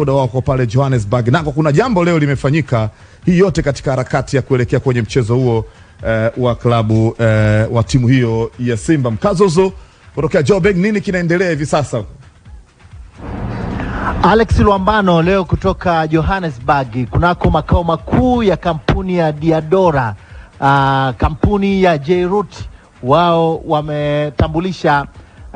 muda wako pale Johannesburg, nako kuna jambo leo limefanyika, hii yote katika harakati ya kuelekea kwenye mchezo huo eh, wa klabu eh, wa timu hiyo ya Simba. Mkazozo kutokea Joburg, nini kinaendelea hivi sasa? Alex Luambano leo kutoka Johannesburg kunako makao makuu ya kampuni ya Diadora. Uh, kampuni ya Jayrut wao wametambulisha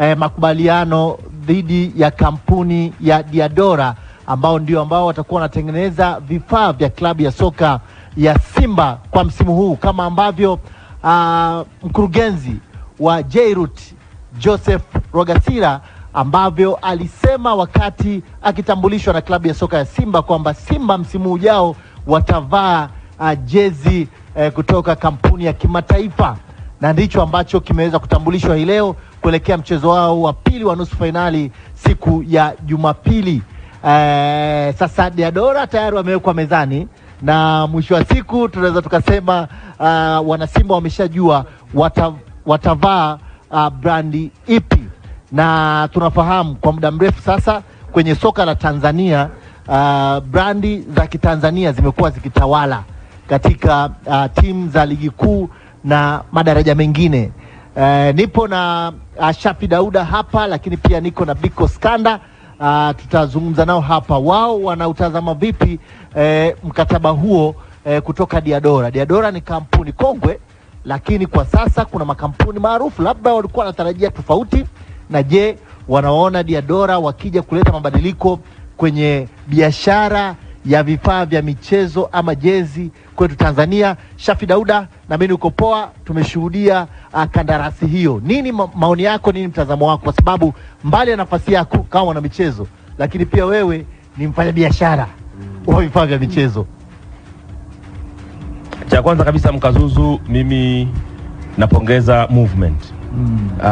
eh, makubaliano dhidi ya kampuni ya Diadora ambao ndio ambao watakuwa wanatengeneza vifaa vya klabu ya soka ya Simba kwa msimu huu kama ambavyo uh, mkurugenzi wa Jairut Joseph Rogasira ambavyo alisema wakati akitambulishwa na klabu ya soka ya Simba kwamba Simba msimu ujao watavaa uh, jezi uh, kutoka kampuni ya kimataifa, na ndicho ambacho kimeweza kutambulishwa hii leo kuelekea mchezo wao wa pili wa nusu fainali siku ya Jumapili eh, sasa Diadora tayari wamewekwa mezani na mwisho wa siku tunaweza tukasema uh, eh, wanasimba wameshajua wata, watavaa uh, brandi ipi, na tunafahamu kwa muda mrefu sasa kwenye soka la Tanzania uh, brandi za kitanzania zimekuwa zikitawala katika uh, timu za ligi kuu na madaraja mengine. Uh, nipo na uh, Shafi Dauda hapa, lakini pia niko na Biko Skanda uh, tutazungumza nao hapa, wao wanautazama vipi eh, mkataba huo eh, kutoka Diadora. Diadora ni kampuni kongwe, lakini kwa sasa kuna makampuni maarufu labda walikuwa wanatarajia tofauti. Na je, wanaona Diadora wakija kuleta mabadiliko kwenye biashara ya vifaa vya michezo ama jezi kwetu Tanzania. Shafi Dauda, mimi niko poa, tumeshuhudia uh, kandarasi hiyo. Nini ma maoni yako, nini mtazamo wako? Kwa sababu mbali ya nafasi yako kama mwana michezo, lakini pia wewe ni mfanyabiashara mm. wa mm. vifaa vya michezo. Cha kwanza kabisa, Mkazuzu, mimi napongeza movement mm. uh,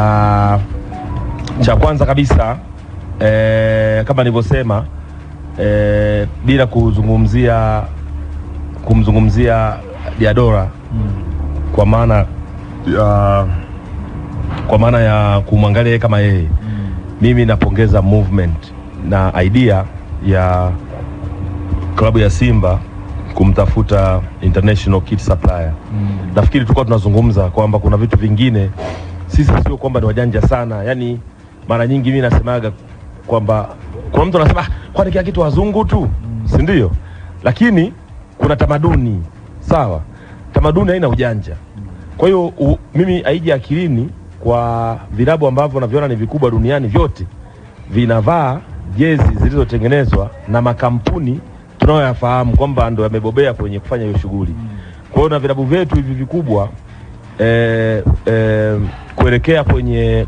cha kwanza kabisa eh, kama nilivyosema e, bila kuzungumzia kumzungumzia Diadora mm. kwa maana ya, kwa maana ya kumwangalia yeye kama yeye mm. mimi napongeza movement na idea ya klabu ya Simba kumtafuta international kit supplier mm. Nafikiri tulikuwa tunazungumza kwamba kuna vitu vingine sisi sio kwamba ni wajanja sana, yani mara nyingi mimi nasemaga kwamba kuna mtu anasema kwani kila kitu wazungu tu, si ndio? Lakini kuna tamaduni sawa, tamaduni haina ujanja. Kwa hiyo mimi aije akilini kwa vilabu ambavyo naviona ni vikubwa duniani vyote vinavaa jezi zilizotengenezwa na makampuni tunayoyafahamu kwamba ndo yamebobea kwenye kufanya hiyo shughuli. Kwa hiyo na vilabu vyetu hivi vikubwa eh, eh, kuelekea kwenye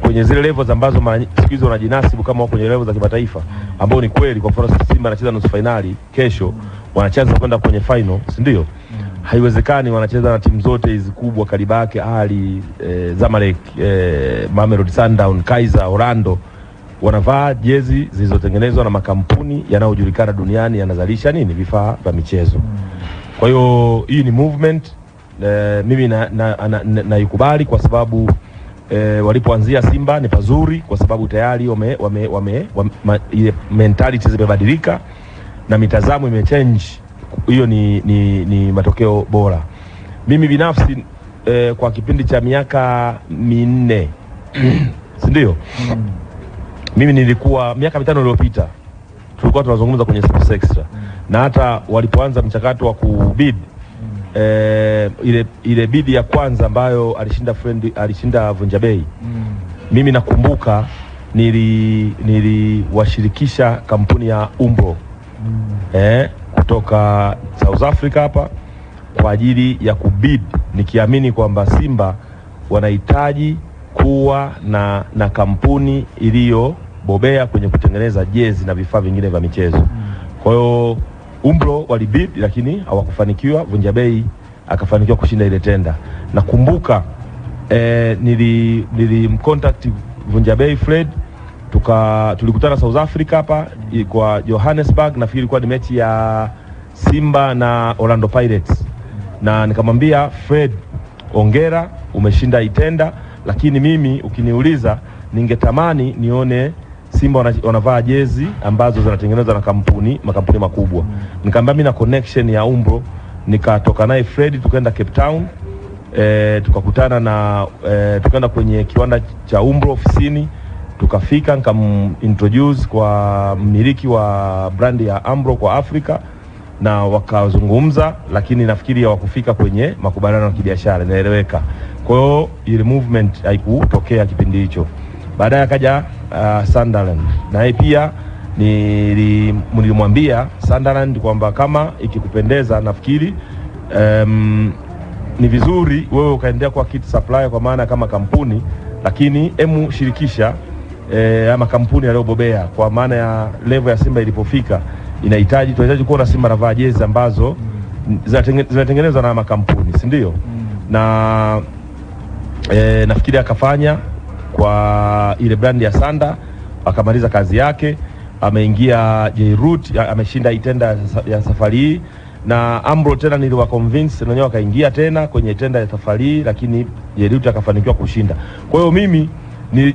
kwenye zile levels ambazo mara siku hizi wanajinasibu kama wako kwenye levels za kimataifa, ambao ni kweli. Kwa mfano Simba anacheza nusu fainali kesho, wanacheza kwenda kwenye final, si ndio? Mm. Haiwezekani wanacheza na timu zote hizi kubwa, Kalibake, Ali, e, Zamalek, e, Mamelodi Sundown, Kaiser, Orlando wanavaa jezi zilizotengenezwa na makampuni yanayojulikana duniani yanazalisha nini, vifaa vya michezo. Mm. Kwa hiyo hii ni movement e, mimi naikubali na, na, na, na kwa sababu E, walipoanzia Simba ni pazuri kwa sababu tayari wame, wame, wame, wame, mentality zimebadilika na mitazamo imechange. Hiyo ni, ni, ni matokeo bora. Mimi binafsi e, kwa kipindi cha miaka minne si ndio? Mimi nilikuwa miaka mitano iliyopita tulikuwa tunazungumza kwenye Sports Extra na hata walipoanza mchakato wa kubid Eh, ile ile bidi ya kwanza ambayo alishinda friend alishinda Vunja Bei mm. Mimi nakumbuka niliwashirikisha kampuni ya Umbro mm. eh, kutoka South Africa hapa kwa ajili ya kubid nikiamini kwamba Simba wanahitaji kuwa na, na kampuni iliyobobea kwenye kutengeneza jezi na vifaa vingine vya michezo. Mm. Kwa hiyo Umbro walibid lakini hawakufanikiwa. Vunja Bei akafanikiwa kushinda ile tenda. Nakumbuka eh, nili nilimcontact Vunja Bei Fred tuka tulikutana South Africa hapa kwa Johannesburg, nafikiri ilikuwa ni mechi ya Simba na Orlando Pirates, na nikamwambia Fred, ongera umeshinda itenda, lakini mimi ukiniuliza ningetamani nione Simba wanavaa jezi ambazo zinatengenezwa na kampuni makampuni makubwa. Mm. Nikamwambia mimi na connection ya Umbro, nikatoka naye Fred tukaenda Cape Town e, tukakutana na e, tukaenda kwenye kiwanda cha Umbro ofisini tukafika nikamintroduce kwa mmiliki wa brandi ya Ambro kwa Afrika na wakazungumza, lakini nafikiri hawakufika kwenye makubaliano ya kibiashara, inaeleweka. Kwa hiyo ile movement haikutokea kipindi hicho. Baadaye akaja uh, Sunderland yeye pia nilimwambia Sunderland kwamba kama ikikupendeza, nafikiri um, ni vizuri wewe ukaendelea kwa kit supply kwa maana kama kampuni, lakini emu shirikisha eh, ama kampuni yaliyobobea kwa maana ya level ya Simba ilipofika inahitaji, tunahitaji kuona Simba navaa jezi ambazo zinatengenezwa na makampuni, si ndio? mm. na eh, nafikiri akafanya kwa ile brandi ya Sanda akamaliza kazi yake, ameingia Jairut, ameshinda itenda ya safari hii na Ambro tena niliwa convince na wenyewe wakaingia tena kwenye tenda ya safari, lakini Jairut akafanikiwa kushinda. Kwa hiyo mimi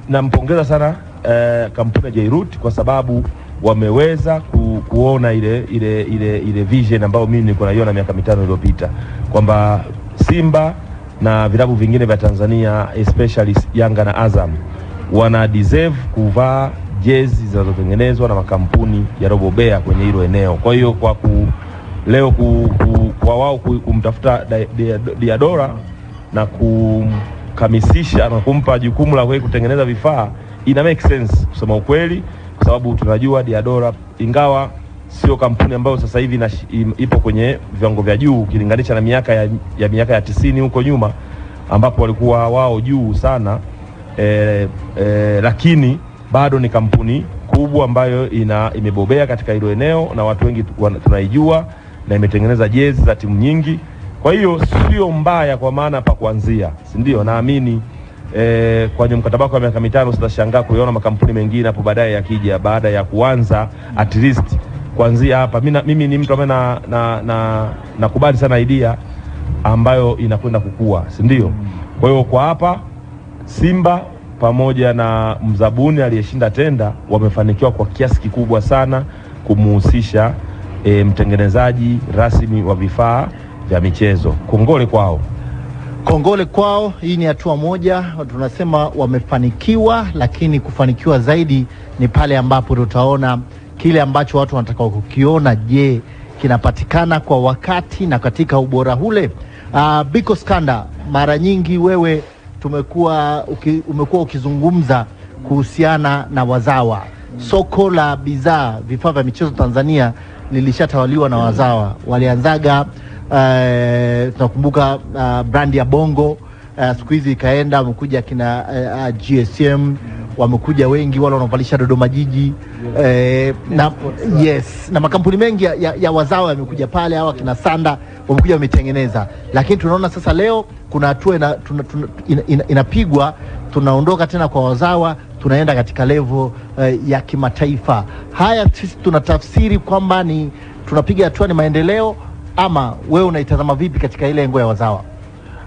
nampongeza sana eh, kampuni ya Jairut kwa sababu wameweza ku, kuona ile ile ile ile vision ambayo mimi nilikuwa naiona miaka mitano iliyopita kwamba Simba na vilabu vingine vya Tanzania especially Yanga na Azam wana deserve kuvaa jezi zinazotengenezwa na makampuni Robobea kwenye hilo eneo. Kwa hiyo kwa ku, leo ku, ku, kwa wao kumtafuta Diadora na kumkamisisha na kumpa jukumu la kutengeneza vifaa ina make sense kusema ukweli, kwa sababu tunajua Diadora ingawa sio kampuni ambayo sasa hivi ipo kwenye viwango vya juu ukilinganisha na miaka ya, ya miaka ya tisini huko nyuma ambapo walikuwa wao juu sana e, e, lakini bado ni kampuni kubwa ambayo ina imebobea katika hilo eneo na watu wengi tunaijua na imetengeneza jezi za timu nyingi. Kwa hiyo sio mbaya kwa maana pa kuanzia, si ndio? Naamini e, kwenye mkataba wa miaka mitano sitashangaa kuiona makampuni mengine hapo baadaye yakija baada ya kuanza at least kuanzia hapa. mimi, mimi ni mtu ambaye na, na, na, nakubali sana idea ambayo inakwenda kukua, si ndio? Kwa hiyo kwa hapa Simba pamoja na mzabuni aliyeshinda tenda wamefanikiwa kwa kiasi kikubwa sana kumuhusisha e, mtengenezaji rasmi wa vifaa vya michezo. Kongole kwao, kongole kwao. Hii ni hatua moja, tunasema wamefanikiwa, lakini kufanikiwa zaidi ni pale ambapo tutaona kile ambacho watu wanataka kukiona, je, kinapatikana kwa wakati na katika ubora ule? Uh, Biko Skanda, mara nyingi wewe tumekuwa uki, umekuwa ukizungumza kuhusiana na wazawa. Soko la bidhaa vifaa vya michezo Tanzania lilishatawaliwa na wazawa, walianzaga uh, tunakumbuka uh, ah, brandi ya Bongo uh, siku hizi ikaenda amekuja kina uh, eh, GSM wamekuja wengi wale wanaovalisha Dodoma Jiji yes. Eh, na, yes, na makampuni mengi ya, ya wazawa yamekuja pale, hawa kina Sanda wamekuja wametengeneza, lakini tunaona sasa leo kuna hatua ina, tuna, tuna, ina, ina, inapigwa, tunaondoka tena kwa wazawa tunaenda katika levo eh, ya kimataifa. Haya sisi tunatafsiri kwamba ni tunapiga hatua, ni maendeleo, ama wewe unaitazama vipi katika ile lengo ya wazawa?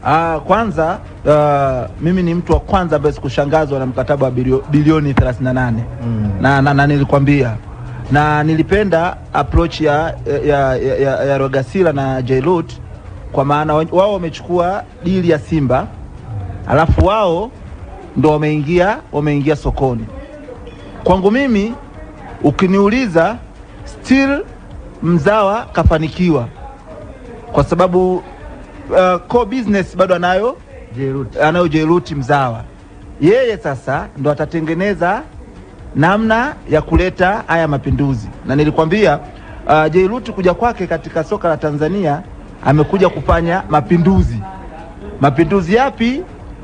Uh, kwanza uh, mimi ni mtu wa kwanza ambaye sikushangazwa na mkataba wa bilioni 38 mm. na, na, na nilikwambia na nilipenda approach ya, ya, ya, ya, ya Rogasila na Jairut kwa maana wao wamechukua dili ya Simba alafu wao ndo wameingia wameingia sokoni. Kwangu mimi ukiniuliza, still mzawa kafanikiwa kwa sababu uh, eh, co business bado anayo Jeruti, anayo Jeruti Mzawa. Yeye sasa ndo atatengeneza namna ya kuleta haya mapinduzi, na nilikwambia uh, eh, Jeruti kuja kwake katika soka la Tanzania amekuja kufanya mapinduzi. Mapinduzi yapi?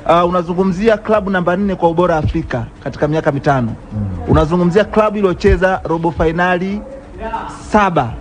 Uh, unazungumzia klabu namba nne kwa ubora Afrika katika miaka mitano mm. Unazungumzia klabu iliyocheza robo fainali saba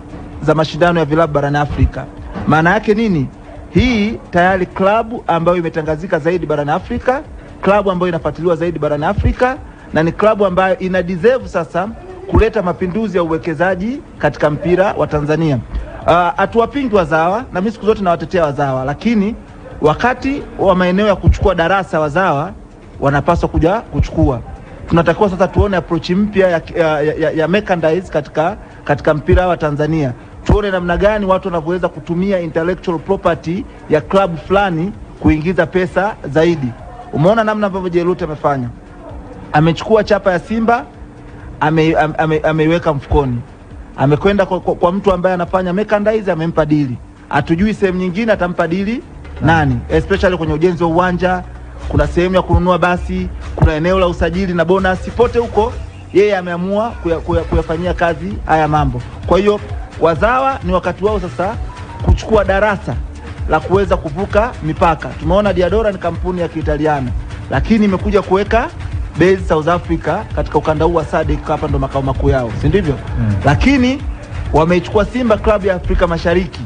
za mashindano ya vilabu barani Afrika. Maana yake nini? Hii tayari klabu ambayo imetangazika zaidi barani Afrika, klabu ambayo inafuatiliwa zaidi barani Afrika na ni klabu ambayo ina deserve sasa kuleta mapinduzi ya uwekezaji katika mpira wa Tanzania. Ah, hatuwapingi uh, wazawa na mimi siku zote nawatetea wazawa, lakini wakati wa maeneo ya kuchukua darasa wazawa wanapaswa kuja kuchukua. Tunatakiwa sasa tuone approach mpya ya, ya, ya, ya merchandise katika, katika mpira wa Tanzania tuone namna gani watu wanavyoweza kutumia intellectual property ya club fulani kuingiza pesa zaidi. Umeona namna ambavyo Jeruti amefanya, amechukua chapa ya Simba ameiweka ame, ame mfukoni, amekwenda kwa, kwa, kwa mtu ambaye anafanya merchandise, amempa dili. Hatujui sehemu nyingine atampa dili nani, especially kwenye ujenzi wa uwanja. Kuna sehemu ya kununua basi, kuna eneo la usajili na bonus, pote huko yeye ameamua kuyafanyia kuya, kuya kazi haya mambo, kwa hiyo wazawa ni wakati wao sasa kuchukua darasa la kuweza kuvuka mipaka. Tumeona Diadora ni kampuni ya Kiitaliano, lakini imekuja kuweka base South Africa katika ukanda huu wa SADC, hapa ndo makao makuu yao, si ndivyo? Hmm. Lakini wameichukua Simba Club ya Afrika Mashariki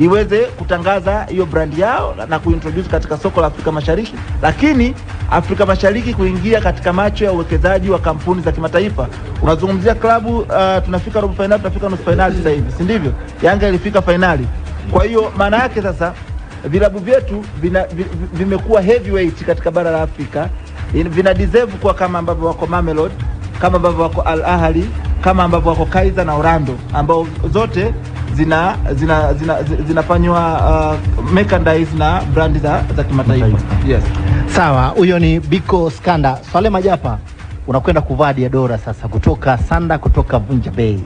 iweze kutangaza hiyo brandi yao na kuintroduce katika soko la Afrika Mashariki, lakini Afrika Mashariki kuingia katika macho ya uwekezaji wa kampuni za kimataifa. Unazungumzia klabu uh, tunafika robo fainali, tunafika nusu fainali sasa hivi, si ndivyo? Yanga ilifika fainali. Kwa hiyo maana yake sasa vilabu vyetu vimekuwa heavyweight katika bara la Afrika, vina deserve kuwa kama ambavyo wako Mamelodi, kama ambavyo wako Al Ahli, kama ambavyo wako Kaiza na Orlando ambao zote zina zinafanywa zina, zina, zina uh, merchandise na brandi za, za kimataifa. Yes. Sawa, huyo ni Biko Skanda. Swale Majapa, unakwenda kuvaa diadora sasa kutoka Sanda kutoka Vunja Bay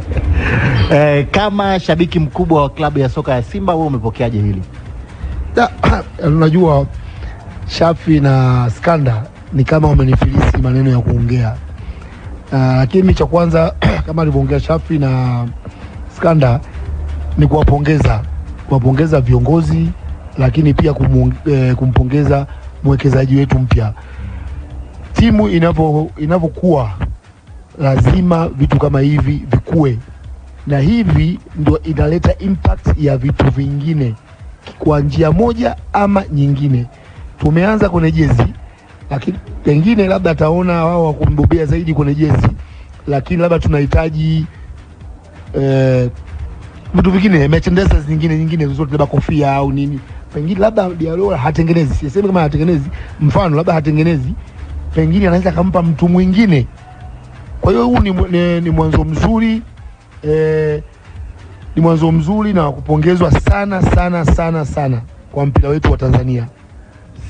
eh, kama shabiki mkubwa wa klabu ya soka ya Simba, wewe umepokeaje hili? Unajua Shafi na Skanda ni kama wamenifilisi maneno ya kuongea, ah, lakini uh, cha kwanza kama alivyoongea Shafi na Iskanda ni kuwapongeza kuwapongeza viongozi, lakini pia eh, kumpongeza mwekezaji wetu mpya. Timu inavyokuwa lazima vitu kama hivi vikue, na hivi ndio inaleta impact ya vitu vingine kwa njia moja ama nyingine. Tumeanza kwenye jezi, lakini pengine labda ataona wao wakumbobea zaidi kwenye jezi, lakini labda tunahitaji Eh, vitu vingine merchandise nyingine nyingine zote, labda kofia au nini, pengine labda Diallo hatengenezi, sisemi kama hatengenezi, mfano labda hatengenezi, pengine anaweza akampa mtu mwingine. Kwa hiyo huu ni, ni, ni mwanzo mzuri eh, ni mwanzo mzuri na kupongezwa sana sana sana sana kwa mpira wetu wa Tanzania.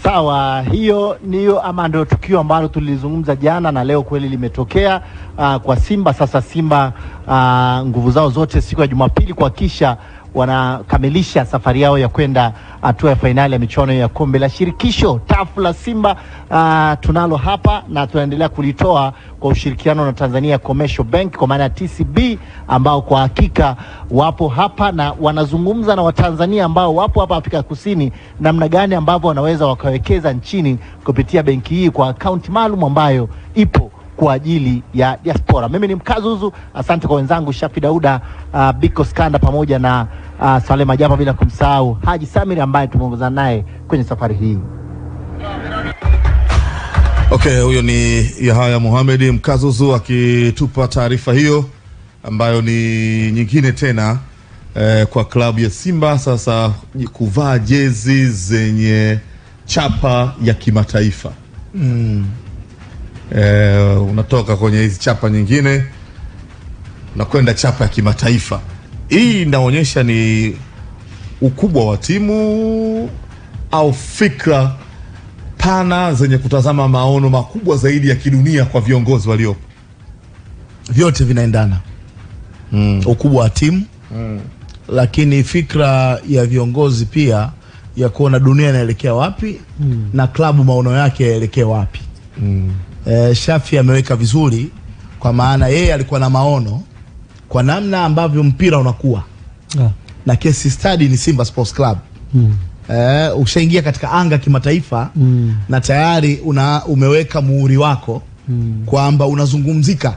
Sawa, hiyo niyo ama ndio tukio ambalo tulizungumza jana na leo kweli limetokea uh, kwa Simba. Sasa Simba uh, nguvu zao zote siku ya Jumapili kuhakikisha wanakamilisha safari yao ya kwenda hatua ya fainali ya michuano ya kombe la shirikisho tafu la Simba. Uh, tunalo hapa na tunaendelea kulitoa kwa ushirikiano na Tanzania Commercial Bank kwa maana ya TCB, ambao kwa hakika wapo hapa na wanazungumza na Watanzania ambao wapo hapa Afrika Kusini, namna gani ambavyo wanaweza wakawekeza nchini kupitia benki hii kwa akaunti maalum ambayo ipo kwa ajili ya diaspora. Mimi ni Mkazuzu, asante kwa wenzangu Shafi Dauda, uh, Biko Skanda pamoja na uh, Salema Japa, bila kumsahau Haji Samir ambaye tumeongozana naye kwenye safari hii. Okay, huyo ni Yahaya muhamedi Mkazuzu akitupa taarifa hiyo ambayo ni nyingine tena eh, kwa klabu ya Simba sasa kuvaa jezi zenye chapa ya kimataifa mm e, unatoka kwenye hizi chapa nyingine na kwenda chapa ya kimataifa. Hii inaonyesha ni ukubwa wa timu au fikra pana zenye kutazama maono makubwa zaidi ya kidunia kwa viongozi waliopo. Vyote vinaendana mm. ukubwa wa timu mm. lakini fikra ya viongozi pia ya kuona dunia inaelekea wapi mm. na klabu maono yake yaelekea wapi mm eh, Shafi ameweka vizuri, kwa maana yeye alikuwa na maono kwa namna ambavyo mpira unakuwa yeah. na kesi study ni Simba Sports Club mm. eh, ushaingia katika anga kimataifa mm. na tayari una, umeweka muhuri wako mm. kwamba unazungumzika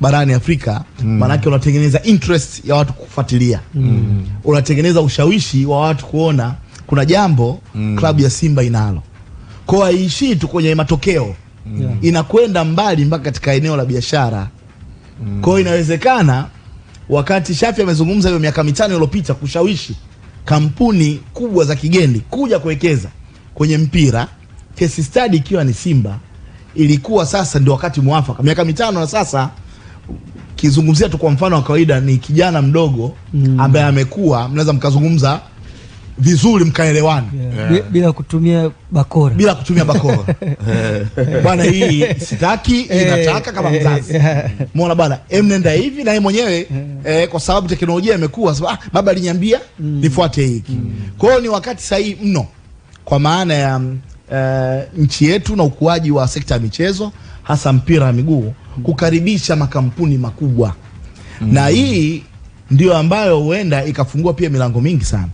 barani Afrika mm. maanake unatengeneza interest ya watu kufuatilia mm. unatengeneza ushawishi wa watu kuona kuna jambo mm. klabu ya Simba inalo, kwa hiyo tu kwenye matokeo yeah. inakwenda mbali mpaka katika eneo la biashara mm. kwao inawezekana wakati Shafi amezungumza hiyo miaka mitano iliyopita kushawishi kampuni kubwa za kigeni kuja kuwekeza kwenye mpira, kesi stadi ikiwa ni Simba, ilikuwa sasa ndio wakati mwafaka. Miaka mitano na sasa kizungumzia tu kwa mfano wa kawaida ni kijana mdogo mm. ambaye amekuwa, mnaweza mkazungumza vizuri mkaelewana, yeah. yeah. bila kutumia bakora, bila kutumia bakora bwana, hii sitaki inataka kama mzazi yeah. Muona bwana, nenda hivi naye mwenyewe yeah. eh, kwa sababu teknolojia imekuwa ah, baba aliniambia mm. nifuate hiki mm. kwa hiyo ni wakati sahihi mno kwa maana ya uh, nchi yetu na ukuaji wa sekta ya michezo hasa mpira wa miguu mm. kukaribisha makampuni makubwa mm. na hii ndio ambayo huenda ikafungua pia milango mingi sana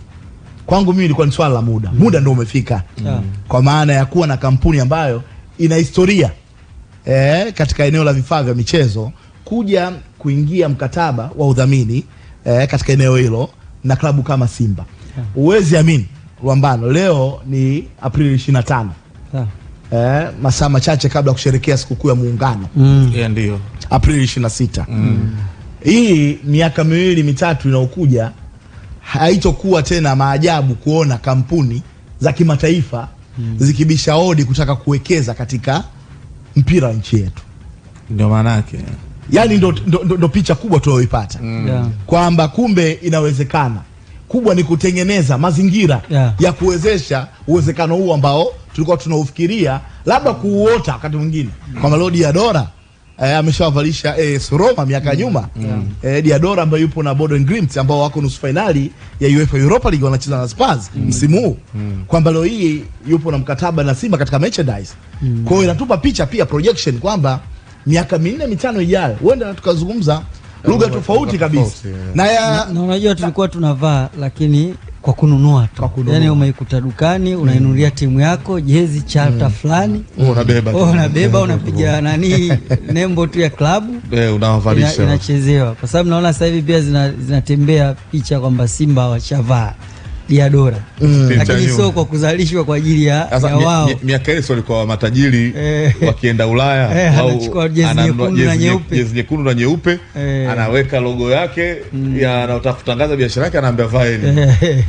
kwangu mimi ilikuwa ni swala la muda mm. muda ndio umefika mm. mm. kwa maana ya kuwa na kampuni ambayo ina historia eh, katika eneo la vifaa vya michezo kuja kuingia mkataba wa udhamini eh, katika eneo hilo na klabu kama Simba mm. huwezi Uwezi amini Lwambano, leo ni Aprili 25 yeah. Mm. Eh, masaa machache kabla ya kusherekea sikukuu ya Muungano mm. yeah, ndio Aprili 26 mm. hii miaka miwili mitatu inayokuja haitokuwa tena maajabu kuona kampuni za kimataifa hmm, zikibisha hodi kutaka kuwekeza katika mpira nchi yetu. Ndio maana yake, yani, ndo, ndo, ndo, ndo picha kubwa tunayoipata hmm, yeah, kwamba kumbe inawezekana. Kubwa ni kutengeneza mazingira yeah, ya kuwezesha uwezekano huu ambao tulikuwa tunaufikiria labda kuuota wakati mwingine kwa malodi ya dola eh, ameshawavalisha eh, Roma miaka mm. nyuma mm. eh, Diadora ambaye yupo na Bodo Glimt ambao wako nusu fainali ya UEFA Europa League wanacheza na Spurs mm. msimu huu mm. kwamba leo hii yupo na mkataba na Simba katika merchandise mm. kwa hiyo inatupa picha pia projection kwamba miaka minne mitano ijayo huenda tukazungumza eh, lugha tofauti kabisa, na unajua tulikuwa tunavaa lakini kwa kununua tu, yani umeikuta dukani unainunulia timu yako jezi chata mm. fulani oh, unabeba oh, unabeba unapiga oh. nani nembo tu ya klabu eh, unawavalisha inachezewa, kwa sababu naona sasa hivi pia zinatembea zina picha kwamba Simba washavaa ya dola mm. Lakini sio kwa kuzalishwa kwa ajili ya wao. Miaka ile walikuwa matajiri eh. wakienda Ulaya, eh, au anachukua jezi nyekundu na nyeupe eh, anaweka logo yake mm. ya anataka kutangaza biashara yake, anaambia vaeni. Eh. Eh.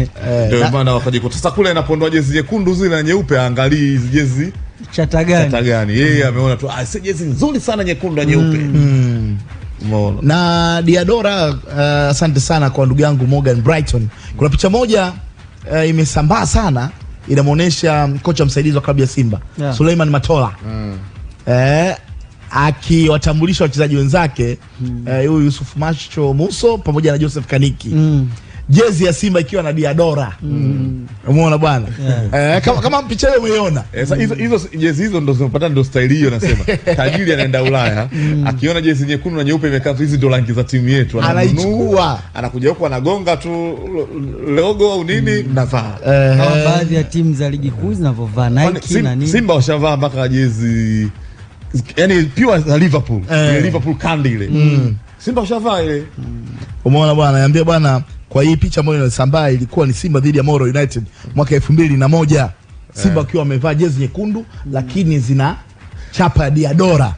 Ndio maana wakajikuta sasa kule anapondoa jezi nyekundu zile na nyeupe, angalii hizi jezi chata gani chata gani yeye mm. ameona tu, ah, si jezi nzuri sana nyekundu na nyeupe mm. mm. Molo. Na Diadora, uh, asante uh, sana kwa ndugu yangu Morgan Brighton. Kuna picha moja uh, imesambaa sana inamwonyesha kocha msaidizi wa klabu ya Simba yeah. Suleiman Matola mm. eh, akiwatambulisha wachezaji wenzake huyu mm. eh, Yusuf Macho Muso pamoja na Joseph Kaniki mm jezi ya Simba ikiwa na diadora. Mm. Umeona bwana, eh, kama kama picha hiyo umeiona. Eh, hizo hizo jezi hizo ndo zinapata ndo staili hiyo, nasema tajiri anaenda Ulaya mm. akiona jezi nyekundu na nyeupe imekaa hizi ndo rangi za timu yetu, anaichukua anakuja huko anagonga tu logo au nini, mm. eh, kama baadhi ya timu za ligi kuu zinavyovaa Nike na nini. Simba washavaa mpaka jezi yani pure za Liverpool, eh. Liverpool kandi ile Simba ushavaa ile. Mm. Umeona bwana, niambie bwana, kwa hii picha ambayo inasambaa ilikuwa ni Simba dhidi ya Moro United mwaka elfu mbili na moja Simba eh. akiwa amevaa jezi nyekundu, lakini zina chapa ya Diadora.